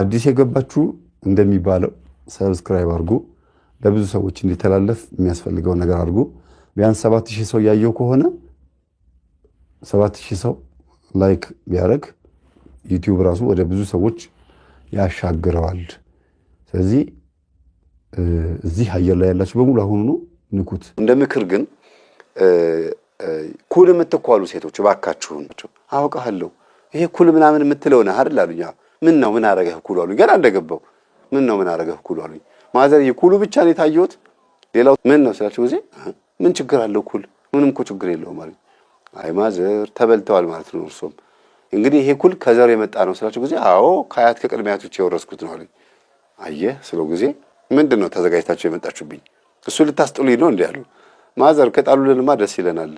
አዲስ የገባችሁ እንደሚባለው ሰብስክራይብ አድርጉ። ለብዙ ሰዎች እንዲተላለፍ የሚያስፈልገው ነገር አድርጉ። ቢያንስ ሰባት ሺህ ሰው ያየው ከሆነ ሰባት ሺህ ሰው ላይክ ቢያደርግ ዩቲዩብ ራሱ ወደ ብዙ ሰዎች ያሻግረዋል። ስለዚህ እዚህ አየር ላይ ያላችሁ በሙሉ አሁኑ ንኩት። እንደ ምክር ግን ኩል የምትኳሉ ሴቶች እባካችሁን፣ አውቃለሁ ይሄ ኩል ምናምን የምትለው ነህ አይደል አሉኝ። ምን ነው ምን አረገህ ኩሉ አሉኝ። ገና እንደገባው ምን ነው ምን አረገህ ኩሉ አሉኝ። ማዘር ኩሉ ብቻ ነው የታየሁት፣ ሌላው ምን ነው ስላቸው ጊዜ ምን ችግር አለው ኩል፣ ምንም እኮ ችግር የለውም አሉኝ። አይ ማዘር ተበልተዋል ማለት ነው እርሶም እንግዲህ ይሄ ኩል ከዘር የመጣ ነው ስላቸው ጊዜ አዎ ከአያት ከቅድሚያቶች የወረስኩት ነው አሉኝ። አየህ ስለው ጊዜ ምንድን ነው ተዘጋጅታቸው የመጣችሁብኝ? እሱ ልታስጥሉኝ ነው እንዲ ያሉ ማዘር ከጣሉልንማ ደስ ይለናል።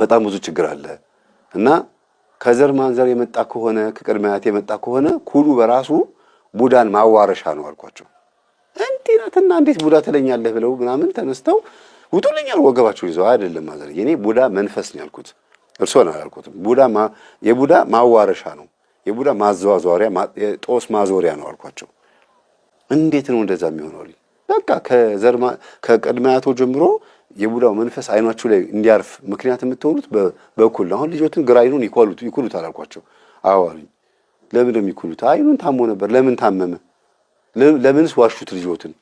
በጣም ብዙ ችግር አለ እና ከዘር ማንዘር የመጣ ከሆነ ከቅድመ የመጣ ከሆነ ኩሉ በራሱ ቡዳን ማዋረሻ ነው አልኳቸው። እንዲናትና እንዴት ቡዳ ትለኛለህ ብለው ምናምን ተነስተው ውጡልኛል ወገባቸው ይዘው አይደለም ማዘር እኔ ቡዳ መንፈስ ነው ያልኩት እርስዎን አላልኩትም። ቡዳ የቡዳ ማዋረሻ ነው የቡዳ ማዘዋዘሪያ ጦስ ማዞሪያ ነው አልኳቸው። እንዴት ነው እንደዛ የሚሆነው? በቃ ከዘር ከቅድመ ጀምሮ የቡዳው መንፈስ አይኗችሁ ላይ እንዲያርፍ ምክንያት የምትሆኑት በኩል አሁን ልጆትን ግራ አይኑን ይኮሉት ይኩሉት አላልኳቸው? አዎ ለምን ነው የሚኩሉት? አይኑን ታሞ ነበር። ለምን ታመመ? ለምንስ ዋሹት ልጆትን?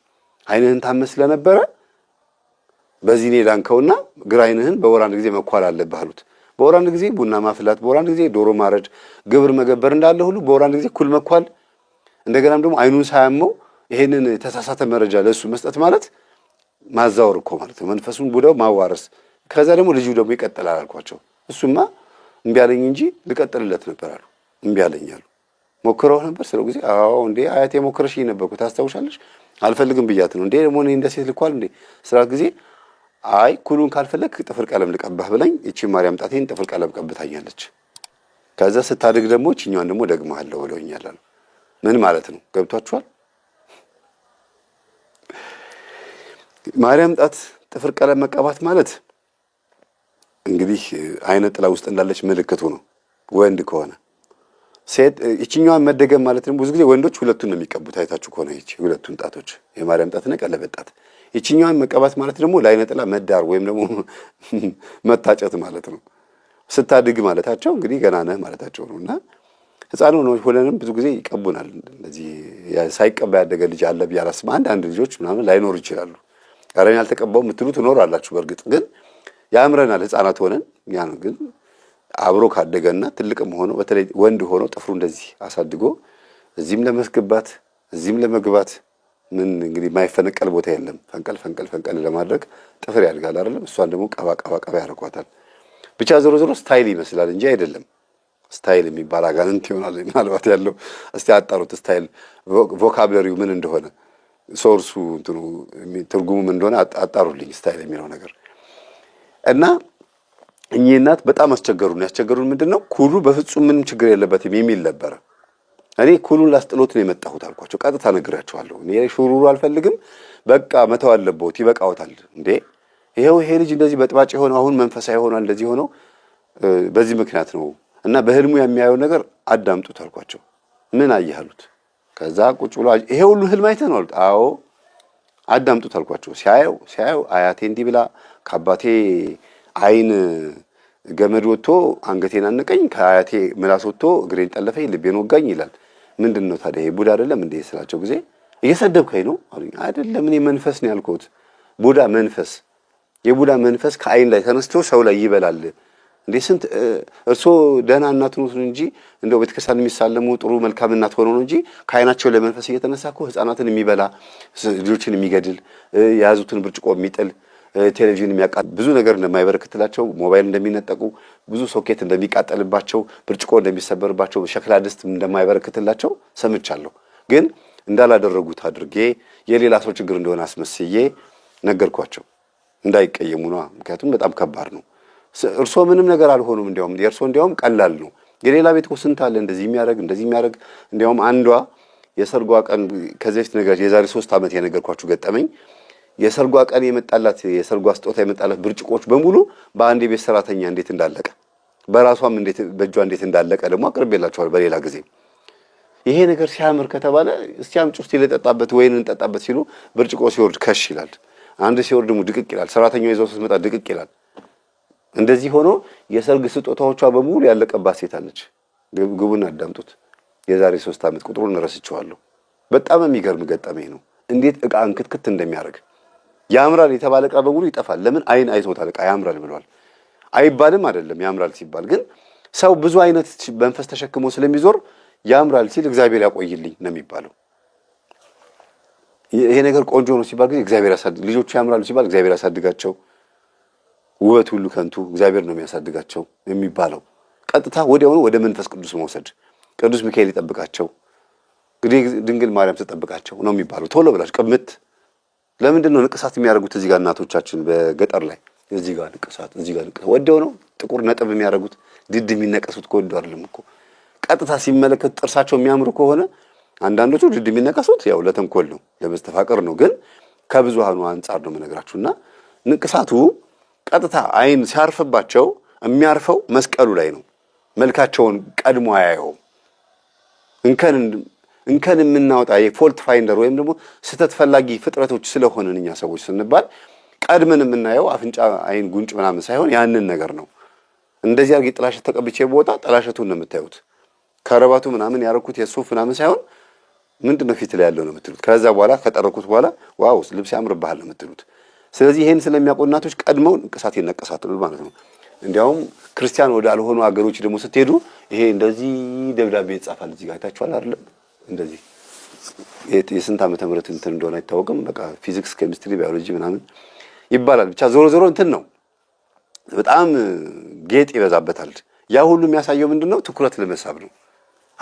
አይንህን ታመ ስለነበረ በዚህ ኔ ዳንከውና ግራ አይንህን በወር አንድ ጊዜ መኳል አለብህ አሉት። በወር አንድ ጊዜ ቡና ማፍላት፣ በወር አንድ ጊዜ ዶሮ ማረድ፣ ግብር መገበር እንዳለ ሁሉ በወር አንድ ጊዜ ኩል መኳል፣ እንደገናም ደግሞ አይኑን ሳያመው ይሄንን የተሳሳተ መረጃ ለእሱ መስጠት ማለት ማዛወር እኮ ማለት ነው። መንፈሱን ቡደው ማዋረስ። ከዛ ደግሞ ልጁ ደግሞ ይቀጥላል አልኳቸው። እሱማ እምቢ አለኝ እንጂ ልቀጥልለት ነበር አሉ። እምቢ አለኝ አሉ። ሞክረው ነበር ስለው ጊዜ አዎ እንዴ አያቴ ሞክረሽ ነበርኩ ታስታውሻለሽ? አልፈልግም ብያት ነው እንዴ ደግሞ እኔ እንደ ሴት ልኳል እንዴ ስራት ጊዜ አይ ኩሉን ካልፈለግ ጥፍር ቀለም ልቀባህ ብላኝ እቺ ማርያም ጣቴን ጥፍር ቀለም ቀብታኛለች። ከዛ ስታድግ ደግሞ እችኛዋን ደግሞ ደግመሃለሁ ብለውኛል አሉ። ምን ማለት ነው ገብቷችኋል? ማርያም ጣት ጥፍር ቀለም መቀባት ማለት እንግዲህ አይነ ጥላ ውስጥ እንዳለች ምልክቱ ነው። ወንድ ከሆነ ሴት ይችኛዋን መደገም ማለት ነው። ብዙ ጊዜ ወንዶች ሁለቱን ነው የሚቀቡት። አይታችሁ ከሆነ ይቺ ሁለቱን ጣቶች የማርያም ጣትና ቀለበት ጣት። ይችኛዋን መቀባት ማለት ደግሞ ለአይነ ጥላ መዳር ወይም ደግሞ መታጨት ማለት ነው። ስታድግ ማለታቸው እንግዲህ ገና ነህ ማለታቸው ነው እና ህፃን ሆኖ ሁለንም ብዙ ጊዜ ይቀቡናል። እንደዚህ ሳይቀባ ያደገ ልጅ አለ ብዬ አላስብም። አንዳንድ ልጆች ምናምን ላይኖሩ ይችላሉ። ረን ያልተቀባው የምትሉ ትኖራላችሁ። በእርግጥ ግን ያምረናል ህፃናት ሆነን ያን ግን አብሮ ካደገና ትልቅም ሆኖ በተለይ ወንድ ሆኖ ጥፍሩ እንደዚህ አሳድጎ እዚህም ለማስገባት እዚህም ለመግባት ምን እንግዲህ የማይፈነቀል ቦታ የለም። ፈንቀል ፈንቀል ፈንቀል ለማድረግ ጥፍር ያድጋል አይደለም። እሷን ደግሞ ቀባ ቀባ ቀባ ያደርጓታል። ብቻ ዞሮ ዞሮ ስታይል ይመስላል እንጂ አይደለም። ስታይል የሚባል አጋንንት ይሆናል ምናልባት ያለው። እስቲ አጣሩት ስታይል ቮካብለሪው ምን እንደሆነ። ሶርሱ እንትኑ ትርጉሙ ምን እንደሆነ አጣሩልኝ ስታይል የሚለው ነገር እና እኚህ እናት በጣም አስቸገሩን። ያስቸገሩን ምንድን ነው ኩሉ በፍጹም ምንም ችግር የለበትም የሚል ነበረ። እኔ ኩሉን ላስጥሎት ነው የመጣሁት አልኳቸው። ቀጥታ ነግራቸዋለሁ። እኔ ሹሩሩ አልፈልግም፣ በቃ መተው አለበት ይበቃዎታል። እንዴ ይኸው ይሄ ልጅ እንደዚህ በጥባጭ የሆነው አሁን መንፈሳዊ ሆኗል፣ እንደዚህ ሆነው በዚህ ምክንያት ነው እና በህልሙ የሚያየው ነገር አዳምጡት አልኳቸው። ምን አየህ አሉት። ከዛ ቁጭ ብሎ ይሄ ሁሉ ህልም አይተን ነው? አዎ አዳምጡት አልኳቸው። ሲያየው ሲያየው አያቴ እንዲህ ብላ ከአባቴ አይን ገመድ ወጥቶ አንገቴን አነቀኝ ከአያቴ ምላስ ወጥቶ እግሬን ጠለፈኝ፣ ልቤን ወጋኝ ይላል። ምንድን ነው ታዲያ ቡዳ አይደለም ስላቸው ጊዜ እየሰደብከኝ ነው አሉኝ። አይደለም እኔ መንፈስ ነው ያልኩት። ቡዳ መንፈስ የቡዳ መንፈስ ከአይን ላይ ተነስቶ ሰው ላይ ይበላል እንዴ ስንት እርስዎ ደህና እናት ነው እንጂ እንደው ቤተክርስቲያን የሚሳለሙ ጥሩ መልካም እናት ሆኖ ነው እንጂ ከአይናቸው ለመንፈስ እየተነሳ እኮ ህፃናትን የሚበላ ልጆችን የሚገድል የያዙትን ብርጭቆ የሚጥል ቴሌቪዥን የሚያቃ ብዙ ነገር እንደማይበረክትላቸው ሞባይል እንደሚነጠቁ ብዙ ሶኬት እንደሚቃጠልባቸው ብርጭቆ እንደሚሰበርባቸው ሸክላ ድስት እንደማይበረክትላቸው ሰምቻለሁ። ግን እንዳላደረጉት አድርጌ የሌላ ሰው ችግር እንደሆነ አስመስዬ ነገርኳቸው። እንዳይቀየሙ ነዋ። ምክንያቱም በጣም ከባድ ነው። እርሶ ምንም ነገር አልሆኑም። እንዲያውም የእርስዎ እንዲያውም ቀላል ነው። የሌላ ቤት እኮ ስንት አለ እንደዚህ የሚያደርግ እንደዚህ የሚያደርግ። እንዲያውም አንዷ የሰርጓ ቀን ከዚህ በፊት ነገር የዛሬ ሶስት ዓመት የነገርኳችሁ ገጠመኝ። የሰርጓ ቀን የመጣላት የሰርጓ ስጦታ የመጣላት ብርጭቆች በሙሉ በአንድ የቤት ሰራተኛ እንዴት እንዳለቀ በራሷም እንዴት በእጇ እንዴት እንዳለቀ ደግሞ አቅርቤላችኋል በሌላ ጊዜ። ይሄ ነገር ሲያምር ከተባለ እስቲያም አምጪው እስቲ ልጠጣበት፣ ወይን እንጠጣበት ሲሉ ብርጭቆ ሲወርድ ከሽ ይላል። አንድ ሲወርድ ድቅቅ ይላል። ሰራተኛው ይዘው ስትመጣ ድቅቅ ይላል። እንደዚህ ሆኖ የሰርግ ስጦታዎቿ በሙሉ ያለቀባት ሴት አለች። ግቡን አዳምጡት። የዛሬ ሶስት ዓመት ቁጥሩን ረስቼዋለሁ። በጣም የሚገርም ገጠመኝ ነው። እንዴት እቃ እንክትክት እንደሚያደርግ ያምራል የተባለ እቃ በሙሉ ይጠፋል። ለምን አይን አይቶታል። እቃ ያምራል ብለዋል። አይባልም አይደለም ያምራል ሲባል ግን ሰው ብዙ አይነት መንፈስ ተሸክሞ ስለሚዞር ያምራል ሲል እግዚአብሔር ያቆይልኝ ነው የሚባለው። ይሄ ነገር ቆንጆ ነው ሲባል ግን እግዚአብሔር ያሳድግ፣ ልጆቹ ያምራሉ ሲባል እግዚአብሔር ያሳድጋቸው ውበት ሁሉ ከንቱ፣ እግዚአብሔር ነው የሚያሳድጋቸው የሚባለው ቀጥታ ወዲያውኑ ወደ መንፈስ ቅዱስ መውሰድ፣ ቅዱስ ሚካኤል ይጠብቃቸው፣ እንግዲህ ድንግል ማርያም ትጠብቃቸው ነው የሚባለው። ቶሎ ብላች ቅምት። ለምንድን ነው ንቅሳት የሚያደርጉት? እዚህ ጋር እናቶቻችን በገጠር ላይ እዚህ ጋር ንቅሳት፣ እዚህ ጋር ንቅሳት፣ ወዲያው ነው ጥቁር ነጥብ የሚያደርጉት። ድድ የሚነቀሱት ከወዱ አይደለም እኮ ቀጥታ ሲመለከት ጥርሳቸው የሚያምሩ ከሆነ አንዳንዶቹ ድድ የሚነቀሱት ያው ለተንኮል ነው ለመስተፋቀር ነው። ግን ከብዙሃኑ አንጻር ነው የምነግራችሁና ንቅሳቱ ቀጥታ አይን ሲያርፍባቸው የሚያርፈው መስቀሉ ላይ ነው። መልካቸውን ቀድሞ አያየውም። እንከን የምናወጣ የፎልት ፋይንደር ወይም ደግሞ ስህተት ፈላጊ ፍጥረቶች ስለሆንን እኛ ሰዎች ስንባል ቀድመን የምናየው አፍንጫ፣ አይን፣ ጉንጭ ምናምን ሳይሆን ያንን ነገር ነው። እንደዚህ አድርጌ ጥላሸት ተቀብቼ ቦታ ጥላሸቱን ነው የምታዩት። ከረባቱ ምናምን ያረኩት የሱፍ ምናምን ሳይሆን ምንድን ነው ፊት ላይ ያለው ነው የምትሉት። ከዛ በኋላ ከጠረኩት በኋላ ዋው ልብስ ያምርብሃል ነው የምትሉት። ስለዚህ ይህን ስለሚያውቁ እናቶች ቀድመው ንቅሳት ይነቀሳሉ ማለት ነው። እንዲያውም ክርስቲያን ወዳልሆኑ አገሮች ደግሞ ስትሄዱ ይሄ እንደዚህ ደብዳቤ ይጻፋል። እዚህ ጋር አይታችኋል አይደለም? እንደዚህ የስንት ዓመተ ምህረት እንትን እንደሆነ አይታወቅም። በቃ ፊዚክስ፣ ኬሚስትሪ፣ ባዮሎጂ ምናምን ይባላል። ብቻ ዞሮ ዞሮ እንትን ነው፣ በጣም ጌጥ ይበዛበታል። ያ ሁሉ የሚያሳየው ምንድን ነው? ትኩረት ለመሳብ ነው።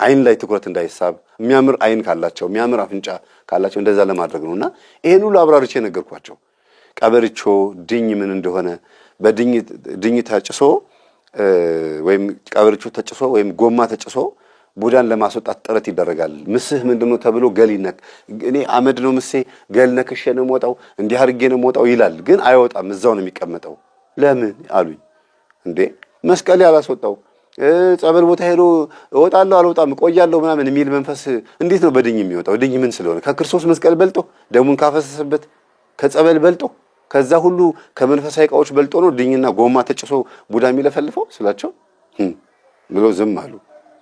አይን ላይ ትኩረት እንዳይሳብ የሚያምር አይን ካላቸው የሚያምር አፍንጫ ካላቸው እንደዛ ለማድረግ ነው። እና ይሄን ሁሉ አብራሮች የነገርኳቸው ቀበርቾ ድኝ ምን እንደሆነ በድኝ ተጭሶ ወይም ቀበርቾ ተጭሶ ወይም ጎማ ተጭሶ ቡዳን ለማስወጣት ጥረት ይደረጋል። ምስህ ምንድነው ተብሎ ገሊነክ እኔ አመድ ነው ምሴ ገልነክሼ ነው ሞጣው እንዲህ አድርጌ ነው ሞጣው ይላል። ግን አይወጣም፣ እዛው ነው የሚቀመጠው። ለምን አሉኝ። እንዴ መስቀል ያላስወጣው ጸበል ቦታ ሄዶ እወጣለሁ አልወጣም እቆያለሁ ምናምን የሚል መንፈስ እንዴት ነው በድኝ የሚወጣው? ድኝ ምን ስለሆነ ከክርስቶስ መስቀል በልጦ ደሙን ካፈሰሰበት ከጸበል በልጦ ከዛ ሁሉ ከመንፈሳዊ እቃዎች በልጦ ነው ድኝና ጎማ ተጭሶ ቡዳ የሚለፈልፈው ስላቸው ብሎ ዝም አሉ።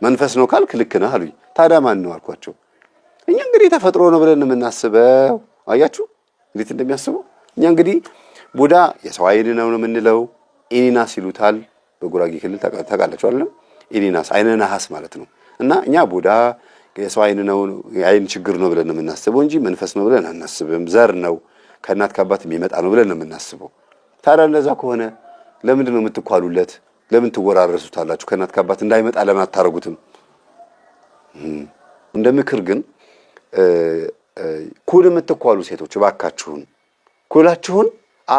መንፈስ ነው ካልክ ልክ ነህ አሉኝ። ታዲያ ማን ነው አልኳቸው። እኛ እንግዲህ ተፈጥሮ ነው ብለን የምናስበው አያችሁ እንዴት እንደሚያስቡ። እኛ እንግዲህ ቡዳ የሰው አይን ነው የምንለው። ኢኒናስ ይሉታል በጉራጌ ክልል ታውቃላችሁ አይደለም? ኢኒናስ አይነ ነሐስ ማለት ነው። እና እኛ ቡዳ የሰው አይን ነው አይን ችግር ነው ብለን የምናስበው እንጂ መንፈስ ነው ብለን አናስብም። ዘር ነው ከእናት ከአባት የሚመጣ ነው ብለን ነው የምናስበው። ታዲያ እንደዛ ከሆነ ለምንድን ነው የምትኳሉለት? ለምን ትወራረሱታላችሁ? ከእናት ከአባት እንዳይመጣ ለምን አታረጉትም? እንደ ምክር ግን ኩል የምትኳሉ ሴቶች እባካችሁን ኩላችሁን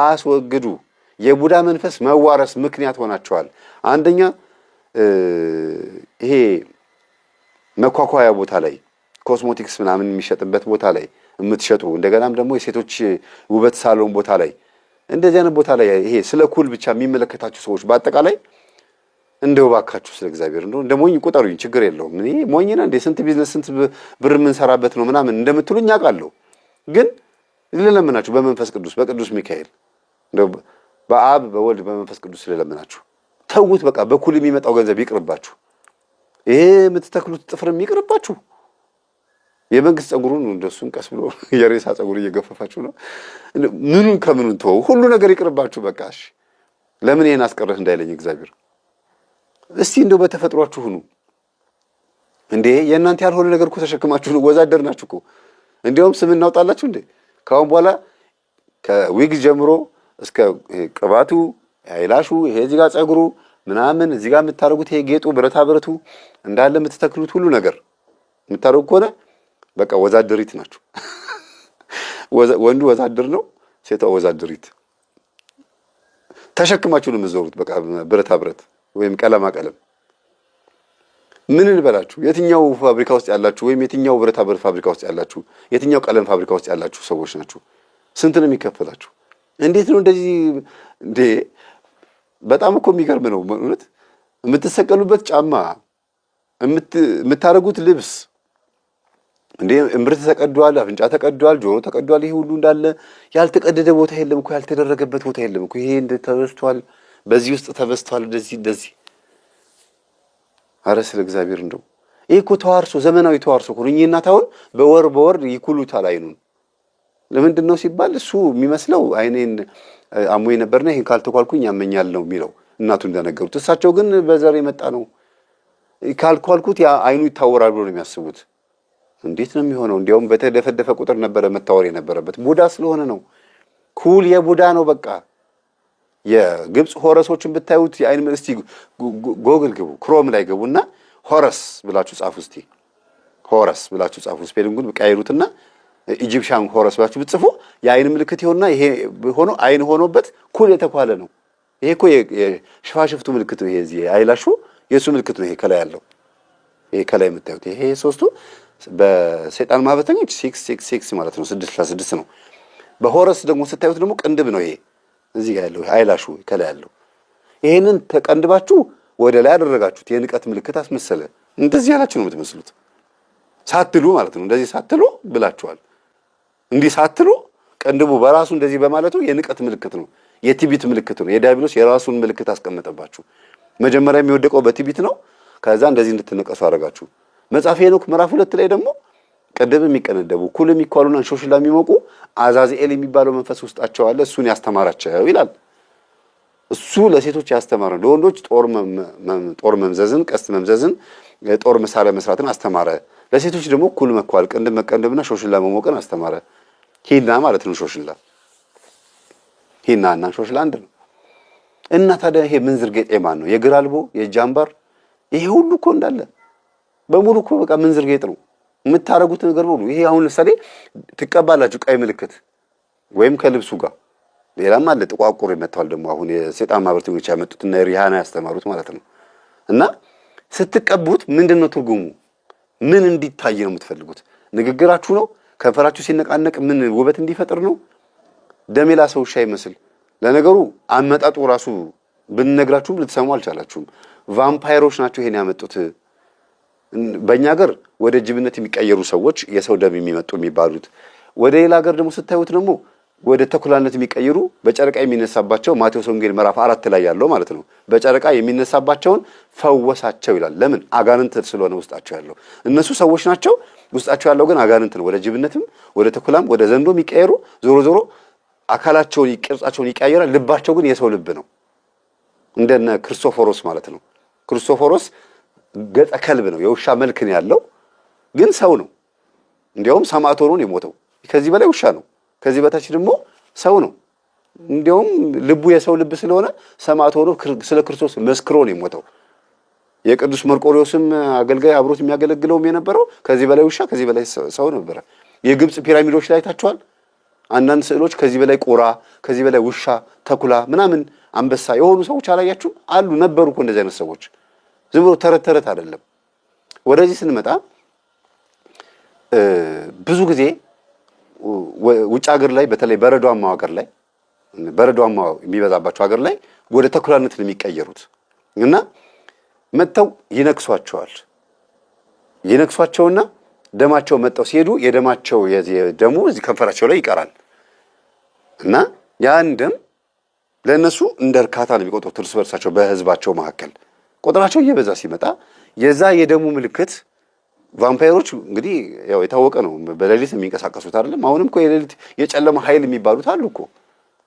አስወግዱ። የቡዳ መንፈስ መዋረስ ምክንያት ሆናችኋል። አንደኛ ይሄ መኳኳያ ቦታ ላይ ኮስሞቲክስ ምናምን የሚሸጥበት ቦታ ላይ የምትሸጡ እንደገናም ደግሞ የሴቶች ውበት ሳሎን ቦታ ላይ እንደዚህ አይነት ቦታ ላይ ይሄ ስለ ኩል ብቻ የሚመለከታችሁ ሰዎች በአጠቃላይ እንደው ባካችሁ ስለ እግዚአብሔር እንደው እንደ ሞኝ ቁጠሩኝ፣ ችግር የለውም እኔ ሞኝ ነኝ እንደ ስንት ቢዝነስ ስንት ብር የምንሰራበት ነው ምናምን እንደምትሉኝ አውቃለሁ። ግን ልለምናችሁ በመንፈስ ቅዱስ በቅዱስ ሚካኤል እንደው በአብ በወልድ በመንፈስ ቅዱስ ልለምናችሁ ተዉት በቃ በኩል የሚመጣው ገንዘብ ይቅርባችሁ። ይሄ የምትተክሉት ጥፍርም ይቅርባችሁ። የመንግስት ጸጉሩን እንደሱን ቀስ ብሎ የሬሳ ጸጉር እየገፈፋችሁ ነው። ምኑን ከምኑን ተወው፣ ሁሉ ነገር ይቅርባችሁ በቃ። እሺ ለምን ይሄን አስቀረህ እንዳይለኝ እግዚአብሔር። እስቲ እንደው በተፈጥሯችሁ ሁኑ እንዴ! የእናንተ ያልሆነ ነገር እኮ ተሸክማችሁ ነው። ወዛደር ናችሁ እኮ። እንዲያውም ስም እናውጣላችሁ እንዴ! ከአሁን በኋላ ከዊግ ጀምሮ እስከ ቅባቱ አይላሹ፣ ይሄ እዚህ ጋር ጸጉሩ ምናምን እዚህ ጋር የምታደርጉት ይሄ ጌጡ፣ ብረታ ብረቱ እንዳለ የምትተክሉት ሁሉ ነገር የምታደርጉ ከሆነ በቃ ወዛድሪት ናቸው። ወንዱ ወዛድር ነው፣ ሴቷ ወዛድሪት ተሸክማችሁ ነው የምትዞሩት። በቃ ብረታ ብረት ወይም ቀለማ ቀለም ምን እንበላችሁ? የትኛው ፋብሪካ ውስጥ ያላችሁ ወይም የትኛው ብረታ ብረት ፋብሪካ ውስጥ ያላችሁ፣ የትኛው ቀለም ፋብሪካ ውስጥ ያላችሁ ሰዎች ናችሁ? ስንት ነው የሚከፈላችሁ? እንዴት ነው እንደዚህ እንዴ? በጣም እኮ የሚገርም ነው እውነት። የምትሰቀሉበት ጫማ፣ የምታደርጉት ልብስ እንዴ እምብርት ተቀዷል፣ አፍንጫ ተቀዷል፣ ጆሮ ተቀዷል። ይሄ ሁሉ እንዳለ ያልተቀደደ ቦታ የለም እኮ ያልተደረገበት ቦታ የለም እኮ። ይሄ ተበስቷል፣ በዚህ ውስጥ ተበስቷል፣ እንደዚህ እንደዚህ። አረ ስለ እግዚአብሔር እንደው ይሄ እኮ ተዋርሶ ዘመናዊ ተዋርሶ እኮ ነው። እናት አሁን በወር በወር ይኩሉታል አይኑን። ለምንድን ነው ሲባል እሱ የሚመስለው አይኔን አሞ ነበርና ይሄን ካልተኳልኩኝ ያመኛል ነው የሚለው እናቱ እንደነገሩት። እሳቸው ግን በዘር የመጣ ነው ካልኳልኩት አይኑ ይታወራል ብሎ ነው የሚያስቡት። እንዴት ነው የሚሆነው? እንዲያውም በተደፈደፈ ቁጥር ነበረ መታወር የነበረበት። ቡዳ ስለሆነ ነው። ኩል የቡዳ ነው። በቃ የግብፅ ሆረሶችን ብታዩት የአይን እስቲ ጎግል ግቡ፣ ክሮም ላይ ግቡና ሆረስ ብላችሁ ጻፉ። እስቲ ሆረስ ብላችሁ ጻፉ። ስፔሊንጉን ቀይሩትና ኢጂፕሻን ሆረስ ብላችሁ ብትጽፉ የአይን ምልክት ይሆንና ይሄ ሆኖ አይን ሆኖበት ኩል የተኳለ ነው። ይሄ እኮ የሽፋሽፍቱ ምልክት ነው። ይሄ እዚህ አይላሹ የእሱ ምልክት ነው። ይሄ ከላይ ያለው ይሄ ከላይ የምታዩት ይሄ ሶስቱ በሰይጣን ማህበተኞች ሲክስ ሲክስ ሲክስ ማለት ነው፣ ስድስት ስድስት ነው። በሆረስ ደግሞ ስታዩት ደግሞ ቅንድብ ነው። ይሄ እዚህ ጋር ያለው አይላሹ ከላይ ያለው ይሄንን ተቀንድባችሁ ወደ ላይ ያደረጋችሁት የንቀት ምልክት አስመሰለ። እንደዚህ ያላችሁ ነው የምትመስሉት ሳትሉ ማለት ነው። እንደዚህ ሳትሉ ብላችኋል። እንዲህ ሳትሉ ቅንድቡ በራሱ እንደዚህ በማለቱ የንቀት ምልክት ነው፣ የትቢት ምልክት ነው። የዲያብሎስ የራሱን ምልክት አስቀመጠባችሁ። መጀመሪያ የሚወደቀው በትቢት ነው። ከዛ እንደዚህ እንድትነቀሱ አደረጋችሁ። መጽሐፈ ሄኖክ ምዕራፍ ሁለት ላይ ደግሞ ቅድም የሚቀነደቡ ኩል የሚኳሉና ሾሽላ የሚሞቁ አዛዝኤል የሚባለው መንፈስ ውስጣቸው አለ፣ እሱን ያስተማራቸው ይላል። እሱ ለሴቶች ያስተማረ ለወንዶች ጦር መምዘዝን፣ ቀስት መምዘዝን፣ ጦር መሳሪያ መስራትን አስተማረ። ለሴቶች ደግሞ ኩል መኳል፣ ቅንድብ መቀንደብና ሾሽላ መሞቅን አስተማረ። ሂና ማለት ነው። ሾሽላ ሂና እና ሾሽላ አንድ ነው። እና ታዲያ ይሄ ምንዝር ጌጤ ማን ነው? የግራ አልቦ የእጅ አምባር ይሄ ሁሉ እኮ እንዳለ በሙሉ እኮ በቃ ምንዝር ጌጥ ነው የምታደርጉት ነገር በሙሉ። ይሄ አሁን ለምሳሌ ትቀባላችሁ ቀይ ምልክት ወይም ከልብሱ ጋር ሌላም አለ። ጥቋቁር ይመተዋል ደግሞ አሁን የሴጣን ማህበርተኞች ያመጡት እና ሪሃና ያስተማሩት ማለት ነው። እና ስትቀቡት ምንድን ነው ትርጉሙ? ምን እንዲታይ ነው የምትፈልጉት? ንግግራችሁ ነው? ከንፈራችሁ ሲነቃነቅ ምን ውበት እንዲፈጥር ነው? ደሜላ ሰው ውሻ ይመስል ለነገሩ አመጣጡ ራሱ ብንነግራችሁም ልትሰሙ አልቻላችሁም። ቫምፓይሮች ናቸው ይሄን ያመጡት። በእኛ ሀገር ወደ ጅብነት የሚቀየሩ ሰዎች የሰው ደም የሚመጡ የሚባሉት፣ ወደ ሌላ ሀገር ደግሞ ስታዩት ደግሞ ወደ ተኩላነት የሚቀይሩ በጨረቃ የሚነሳባቸው ማቴዎስ ወንጌል ምዕራፍ አራት ላይ ያለው ማለት ነው። በጨረቃ የሚነሳባቸውን ፈወሳቸው ይላል። ለምን? አጋንንት ስለሆነ ውስጣቸው ያለው። እነሱ ሰዎች ናቸው፣ ውስጣቸው ያለው ግን አጋንንት ነው። ወደ ጅብነትም ወደ ተኩላም ወደ ዘንዶ የሚቀየሩ ዞሮ ዞሮ አካላቸውን ቅርጻቸውን ይቀያየራል። ልባቸው ግን የሰው ልብ ነው። እንደነ ክርስቶፎሮስ ማለት ነው። ክርስቶፎሮስ ገጸ ከልብ ነው፣ የውሻ መልክ ነው ያለው፣ ግን ሰው ነው። እንዲያውም ሰማዕት ሆኖ ነው የሞተው። ከዚህ በላይ ውሻ ነው፣ ከዚህ በታች ደግሞ ሰው ነው። እንዲያውም ልቡ የሰው ልብ ስለሆነ ሰማዕት ሆኖ ስለ ክርስቶስ መስክሮ ነው የሞተው። የቅዱስ መርቆሪዎስም አገልጋይ አብሮት የሚያገለግለውም የነበረው ከዚህ በላይ ውሻ፣ ከዚህ በላይ ሰው ነበረ። የግብፅ ፒራሚዶች ላይ ታችኋል። አንዳንድ ስዕሎች ከዚህ በላይ ቁራ፣ ከዚህ በላይ ውሻ፣ ተኩላ ምናምን አንበሳ የሆኑ ሰዎች አላያችሁም? አሉ ነበሩ እኮ እንደዚህ አይነት ሰዎች። ዝም ብሎ ተረት ተረት አይደለም። ወደዚህ ስንመጣ ብዙ ጊዜ ውጭ ሀገር ላይ በተለይ በረዷማው ሀገር ላይ በረዷማ የሚበዛባቸው ሀገር ላይ ወደ ተኩላነት ነው የሚቀየሩት እና መጥተው ይነክሷቸዋል። ይነክሷቸውና ደማቸው መጥተው ሲሄዱ የደማቸው ደሙ እዚህ ከንፈራቸው ላይ ይቀራል እና ያን ደም ለእነሱ እንደ እርካታ ነው የሚቆጥሩት እርስ በርሳቸው በህዝባቸው መካከል ቁጥራቸው እየበዛ ሲመጣ የዛ የደሙ ምልክት ቫምፓይሮች እንግዲህ ያው የታወቀ ነው። በሌሊት የሚንቀሳቀሱት አይደለም። አሁንም እኮ የሌሊት የጨለመ ኃይል የሚባሉት አሉ እኮ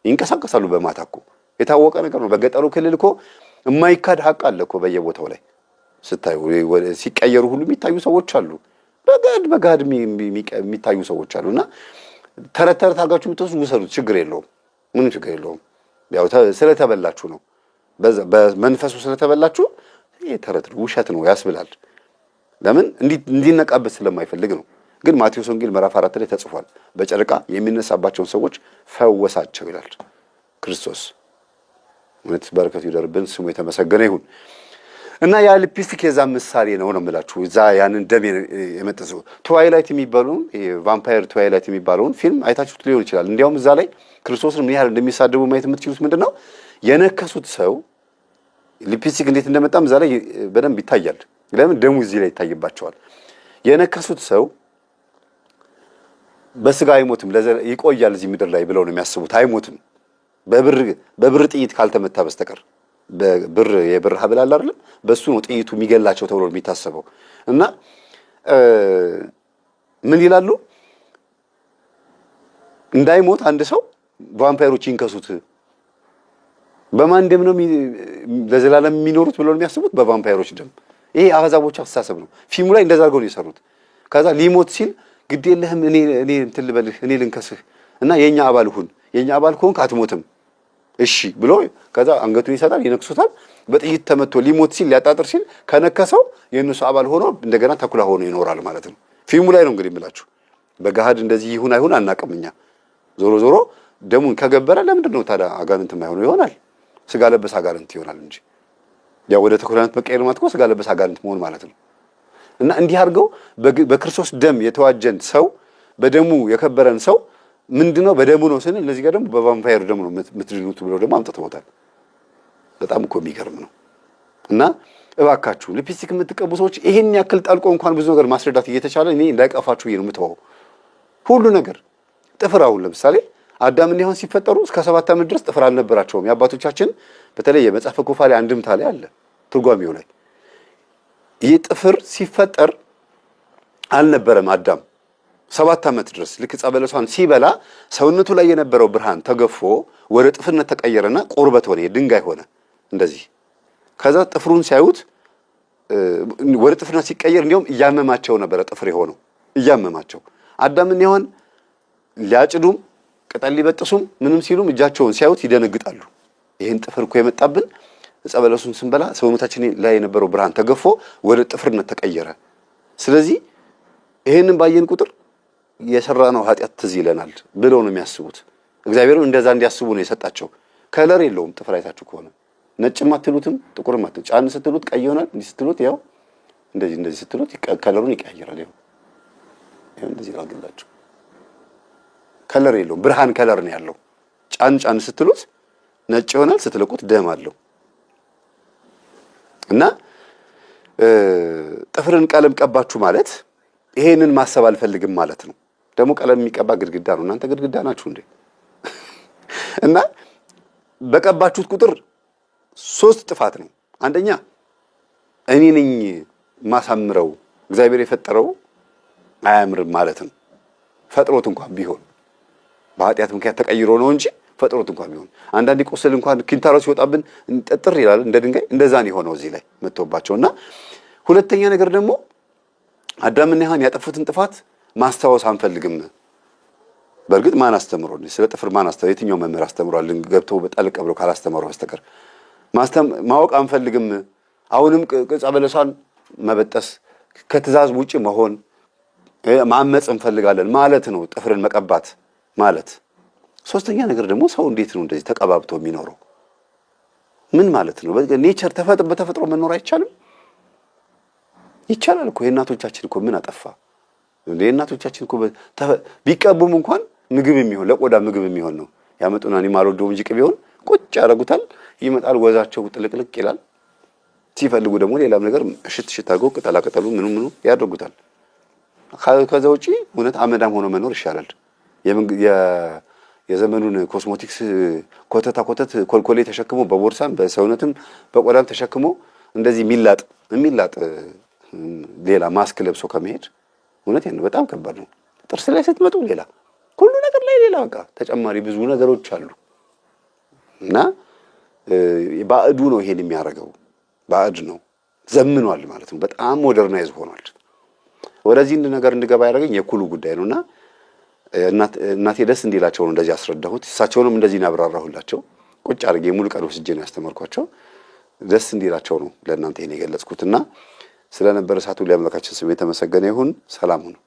ይንቀሳቀሳሉ። በማታ እኮ የታወቀ ነገር ነው። በገጠሩ ክልል እኮ የማይካድ ሀቅ አለ እኮ በየቦታው ላይ ስታዩ ሲቀየሩ ሁሉ የሚታዩ ሰዎች አሉ። በጋድ በጋድ የሚታዩ ሰዎች አሉ። እና ተረት ተረት አድርጋችሁ የምትወስዱ ውሰዱት፣ ችግር የለውም ምንም ችግር የለውም። ያው ስለተበላችሁ ነው፣ በመንፈሱ ስለተበላችሁ ተረት ነው፣ ውሸት ነው ያስብላል። ለምን እንዲነቃበት ስለማይፈልግ ነው። ግን ማቴዎስ ወንጌል ምዕራፍ አራት ላይ ተጽፏል። በጨረቃ የሚነሳባቸውን ሰዎች ፈወሳቸው ይላል ክርስቶስ። እውነት በረከቱ ይደርብን፣ ስሙ የተመሰገነ ይሁን። እና ያ ሊፕስቲክ የዛ ምሳሌ ነው ነው የምላችሁ። እዛ ያንን ደም የመጠሰው ትዋይላይት የሚባለውን ቫምፓየር ትዋይላይት የሚባለውን ፊልም አይታችሁት ሊሆን ይችላል። እንዲያውም እዛ ላይ ክርስቶስን ምን ያህል እንደሚሳደቡ ማየት የምትችሉት ምንድን ነው የነከሱት ሰው ሊፕስቲክ እንዴት እንደመጣም እዛ ላይ በደንብ ይታያል። ለምን ደሙ እዚህ ላይ ይታይባቸዋል። የነከሱት ሰው በስጋ አይሞትም ይቆያል እዚህ ምድር ላይ ብለው ነው የሚያስቡት። አይሞትም በብር ጥይት ካልተመታ በስተቀር ብር የብር ሀብል አለ አይደለም፣ በሱ ነው ጥይቱ የሚገላቸው ተብሎ የሚታሰበው እና ምን ይላሉ እንዳይሞት አንድ ሰው ቫምፓይሮች ይንከሱት በማን ደም ነው ለዘላለም የሚኖሩት ብለው የሚያስቡት? በቫምፓይሮች ደም። ይሄ አህዛቦች አስተሳሰብ ነው። ፊልሙ ላይ እንደዛ አድርገው ነው የሰሩት። ከዛ ሊሞት ሲል ግድ የለህም እኔ እኔ እንትን ልበልህ እኔ ልንከስህ እና የኛ አባል ሁን የኛ አባል ከሆንክ አትሞትም እሺ ብሎ ከዛ አንገቱን ይሰጣል፣ ይነክሱታል። በጥይት ተመቶ ሊሞት ሲል ሊያጣጥር ሲል ከነከሰው የእነሱ አባል ሆኖ እንደገና ተኩላ ሆኖ ይኖራል ማለት ነው። ፊልሙ ላይ ነው እንግዲህ የምላችሁ። በገሃድ እንደዚህ ይሁን አይሁን አናቅም እኛ። ዞሮ ዞሮ ደሙን ከገበረ ለምንድን ነው ታዲያ አጋንንት የማይሆኑ ይሆናል? ስጋ ለበስ አጋንንት ይሆናል እንጂ ያ ወደ ተኩላነት መቀየር ማለት እኮ ስጋ ለበስ አጋንንት መሆን ማለት ነው። እና እንዲህ አድርገው በክርስቶስ ደም የተዋጀን ሰው በደሙ የከበረን ሰው ምንድነው? በደሙ ነው ስንል እነዚህ ጋር ደግሞ በቫምፓየር ደሙ ነው የምትድኑት ብለው ደግሞ አምጥተውታል። በጣም እኮ የሚገርም ነው። እና እባካችሁ ሊፕስቲክ የምትቀቡ ሰዎች ይሄን ያክል ጣልቆ እንኳን ብዙ ነገር ማስረዳት እየተቻለ እኔ እንዳይቀፋችሁ ብዬ ነው ሁሉ ነገር ጥፍር አሁን ለምሳሌ አዳምና ሔዋን ሲፈጠሩ እስከ ሰባት ዓመት ድረስ ጥፍር አልነበራቸውም። የአባቶቻችን በተለይ የመጽሐፈ ኩፋ አንድምታ ላይ አለ ትርጓሜው ላይ ይህ ጥፍር ሲፈጠር አልነበረም። አዳም ሰባት ዓመት ድረስ ልክ ዕፀ በለሷን ሲበላ ሰውነቱ ላይ የነበረው ብርሃን ተገፎ ወደ ጥፍርነት ተቀየረና ቁርበት ሆነ፣ ድንጋይ ሆነ እንደዚህ። ከዛ ጥፍሩን ሲያዩት ወደ ጥፍርነት ሲቀየር እንዲሁም እያመማቸው ነበረ ጥፍር የሆነው እያመማቸው አዳምን ሔዋን ሊያጭዱም ቅጠል ሊበጥሱም ምንም ሲሉም እጃቸውን ሲያዩት ይደነግጣሉ። ይህን ጥፍር እኮ የመጣብን ዕፀ በለሱን ስንበላ ሰውነታችን ላይ የነበረው ብርሃን ተገፎ ወደ ጥፍርነት ተቀየረ። ስለዚህ ይህንን ባየን ቁጥር የሰራነው ኃጢአት ትዝ ይለናል ብለው ነው የሚያስቡት። እግዚአብሔር እንደዛ እንዲያስቡ ነው የሰጣቸው። ከለር የለውም ጥፍር አይታችሁ ከሆነ ነጭም አትሉትም ጥቁርም አትሉ ጫን ስትሉት ቀይ ይሆናል። እንዲህ ስትሉት ያው እንደዚህ እንደዚህ ስትሉት ከለሩን ይቀያየራል። ያው እንደዚህ ላግላችሁ ከለር የለውም፣ ብርሃን ከለር ነው ያለው። ጫን ጫን ስትሉት ነጭ ይሆናል፣ ስትለቁት ደም አለው እና ጥፍርን ቀለም ቀባችሁ ማለት ይሄንን ማሰብ አልፈልግም ማለት ነው። ደግሞ ቀለም የሚቀባ ግድግዳ ነው። እናንተ ግድግዳ ናችሁ እንዴ? እና በቀባችሁት ቁጥር ሶስት ጥፋት ነው። አንደኛ እኔ ነኝ ማሳምረው እግዚአብሔር የፈጠረው አያምርም ማለት ነው። ፈጥሮት እንኳን ቢሆን በኃጢአት ምክንያት ተቀይሮ ነው እንጂ ፈጥሮት እንኳን ቢሆን አንዳንድ ቁስል እንኳን ኪንታሮ ሲወጣብን እንጠጥር ይላል እንደ ድንጋይ። እንደዛን የሆነው እዚህ ላይ እና ሁለተኛ ነገር ደግሞ አዳምና ሔዋን ያጠፉትን ጥፋት ማስታወስ አንፈልግም። በእርግጥ ማን አስተምሮ ስለ ጥፍር ማን አስተምሮ የትኛው መምህር አስተምሯል ገብቶ በጣልቅ ብሎ ካላስተምሮ በስተቀር ማወቅ አንፈልግም። አሁንም ቅጸ በለሷን መበጠስ ከትእዛዝ ውጭ መሆን ማመፅ እንፈልጋለን ማለት ነው ጥፍርን መቀባት ማለት። ሶስተኛ ነገር ደግሞ ሰው እንዴት ነው እንደዚህ ተቀባብቶ የሚኖረው? ምን ማለት ነው? ኔቸር በተፈጥሮ መኖር አይቻልም? ይቻላል እኮ የእናቶቻችን እኮ ምን አጠፋ? የእናቶቻችን እኮ ቢቀቡም እንኳን ምግብ የሚሆን ለቆዳ ምግብ የሚሆን ነው ያመጡና ኒማል ወደው እንጂ ቅቤውን ቁጭ ያደርጉታል። ይመጣል፣ ወዛቸው ጥልቅልቅ ይላል። ሲፈልጉ ደግሞ ሌላም ነገር እሽት እሽት አድርገው ቅጠላቅጠሉ ቅጠሉ ምኑ ምኑ ያደርጉታል። ከዛ ውጪ እውነት አመዳም ሆኖ መኖር ይሻላል። የዘመኑን ኮስሞቲክስ ኮተታ ኮተት ኮልኮሌ ተሸክሞ በቦርሳም በሰውነትም በቆዳም ተሸክሞ እንደዚህ የሚላጥ የሚላጥ ሌላ ማስክ ለብሶ ከመሄድ እውነት ነው፣ በጣም ከባድ ነው። ጥርስ ላይ ስትመጡ ሌላ ሁሉ ነገር ላይ ሌላ በቃ ተጨማሪ ብዙ ነገሮች አሉ እና ባዕዱ ነው ይሄን የሚያደርገው ባዕድ ነው። ዘምኗል ማለት ነው። በጣም ሞደርናይዝ ሆኗል። ወደዚህ ነገር እንድገባ ያደረገኝ የኩሉ ጉዳይ ነውና እናቴ ደስ እንዲላቸው ነው እንደዚህ ያስረዳሁት። እሳቸውንም እንደዚህ ያብራራሁላቸው። ቁጭ አድርጌ ሙሉ ቀን ወስጄ ነው ያስተማርኳቸው። ደስ እንዲላቸው ነው ለእናንተ ይሄን የገለጽኩትና ስለነበረ ሰዓቱ ሊያመለካችን ስም የተመሰገነ ይሁን። ሰላም ሁኑ።